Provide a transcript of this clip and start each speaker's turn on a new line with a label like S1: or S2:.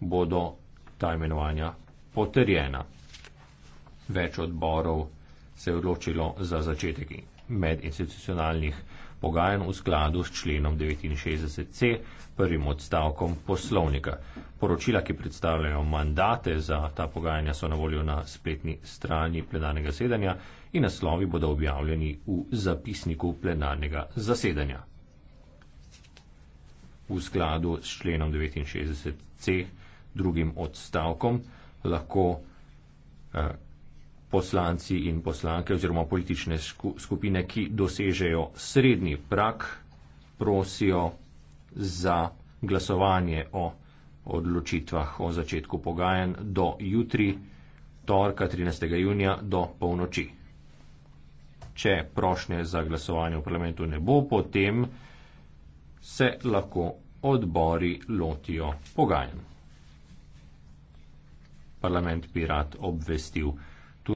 S1: bodo ta imenovanja potrjena. Več odborov se je odločilo za začetek medinstitucionalnih pogajanj v skladu s členom 69c, prvim odstavkom poslovnika. Poročila, ki predstavljajo mandate za ta pogajanja, so na voljo na spletni strani plenarnega sedanja in naslovi bodo objavljeni v zapisniku plenarnega zasedanja. V skladu s členom 69c drugim odstavkom lahko eh, poslanci in poslanke oziroma politične skupine, ki dosežejo srednji prak, prosijo za glasovanje o odločitvah o začetku pogajanj do jutri, torka 13. junija, do polnoči. Če prošnje za glasovanje v parlamentu ne bo, potem se lahko odbori lotijo pogajanj parlament bi rad obvestil